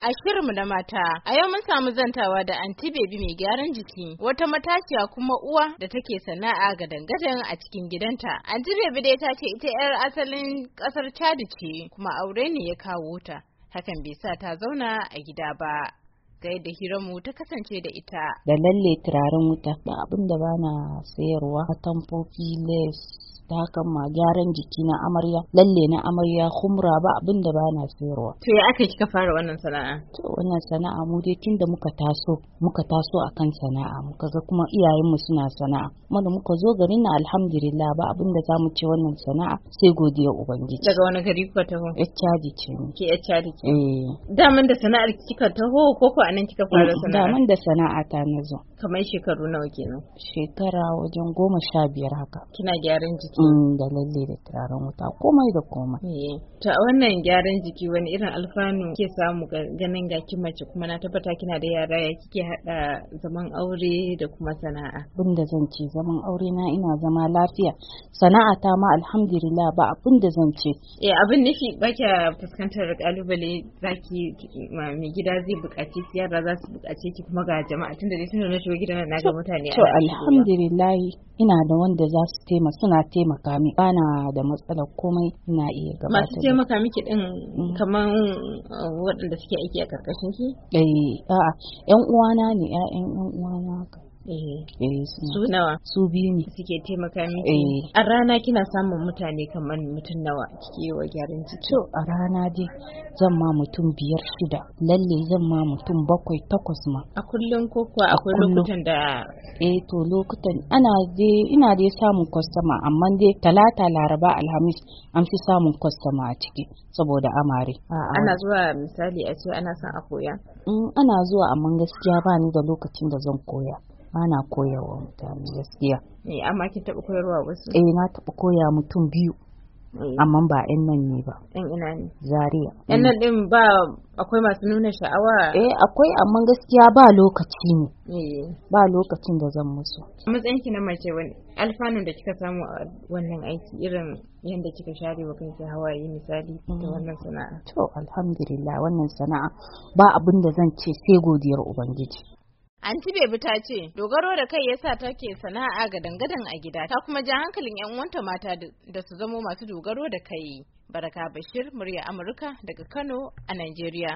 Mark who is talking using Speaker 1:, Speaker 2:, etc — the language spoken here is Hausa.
Speaker 1: A shirinmu na mata, a yau mun samu zantawa da anti baby mai gyaran jiki, wata matashiya kuma uwa da take sana'a ga dangadan a cikin gidanta. Anti baby dai ta ce ita 'yar asalin ƙasar Chad ce, kuma aure ne ya kawo ta. Hakan bai sa ta zauna a gida ba. Ga yadda hiramu ta kasance da ita.
Speaker 2: Da lalle turaren wuta, ba abin da na sayarwa, tamfofi, lace, ta hakan ma gyaran jiki na amarya lalle na amarya kumra ba abin da bana sayarwa
Speaker 1: to ya aka kika fara wannan sana'a
Speaker 2: to wannan sana'a mu dai tunda muka taso muka taso akan sana'a muka ga kuma iyayenmu suna sana'a kuma da muka zo garin na alhamdulillah ba abin da zamu ce wannan sana'a sai godiya ubangiji daga
Speaker 1: wani gari kuka taho caji ce ke caji ce eh daman da sana'ar kika taho ko ko anan kika fara eh, sana'a daman
Speaker 2: da sana'a ta nazo
Speaker 1: kamar shekaru nawa kenan
Speaker 2: shekara wajen goma sha biyar haka
Speaker 1: kina gyaran jiki
Speaker 2: mm, da lalle da turaren wuta komai da komai eh,
Speaker 1: ta wannan gyaran jiki wani irin alfanu ke samu ganin ga mace kuma na tabbata kina da yara ya kike hada zaman aure da kuma sana'a
Speaker 2: abin da zan ce zaman aure na ina zama lafiya sana'a ta ma alhamdulillah ba abin da zan ce
Speaker 1: eh abin nufi kya fuskantar kalubale zaki mai gida zai buƙaci yara za su buƙace ki kuma ga jama'a tunda dai tana shigo gidan na ga mutane to
Speaker 2: alhamdulillah ina da wanda za su taimaka suna taimaka mi bana da matsalar komai ina iya gaba masu taimaka
Speaker 1: miki din mm. kaman uh, waɗanda suke aiki a karkashin ki
Speaker 2: eh a'a yan uwana ne ƴaƴan yan uwana Eh. Eh, su
Speaker 1: nawa su biyu ne suke taimaka miki eh. a rana kina samun mutane kamar
Speaker 2: mutum nawa kike wa gyaran jiki to a rana dai zan ma mutum biyar shida lalle zan ma mutum bakwai takwas ma
Speaker 1: a kullum ko kuwa akwai lokutan da
Speaker 2: eh to lokutan ana dai ina dai samun kwastama amma dai talata laraba alhamis an fi samun kwastama a ciki saboda amare ana
Speaker 1: zuwa misali a ce ana son a koya
Speaker 2: mm, ana zuwa amma gaskiya ba ni da lokacin da zan koya Ana koyawa mutane gaskiya
Speaker 1: eh amma kin taɓa koyarwa wasu eh
Speaker 2: na taɓa koya mutum biyu eh. amma ba yan nan ne ba yan ina ne zaria yan nan
Speaker 1: din mm. ba akwai masu nuna sha'awa eh
Speaker 2: akwai amma gaskiya ba lokaci ne eh. ba lokacin da zan musu
Speaker 1: matsayin ki na mace wani alfanun da kika samu a wannan aiki irin yadda kika share wa kanki hawaye misali ta mm. wannan sana'a
Speaker 2: to alhamdulillah wannan sana'a ba abin da zan ce sai godiyar ubangiji
Speaker 1: Anti Bebi ta ce dogaro da kai yasa take sana'a ga dangadan a gida ta kuma ja hankalin 'yan uwanta mata da su zamo masu dogaro da kai. Baraka Bashir, murya Amurka daga Kano a Najeriya.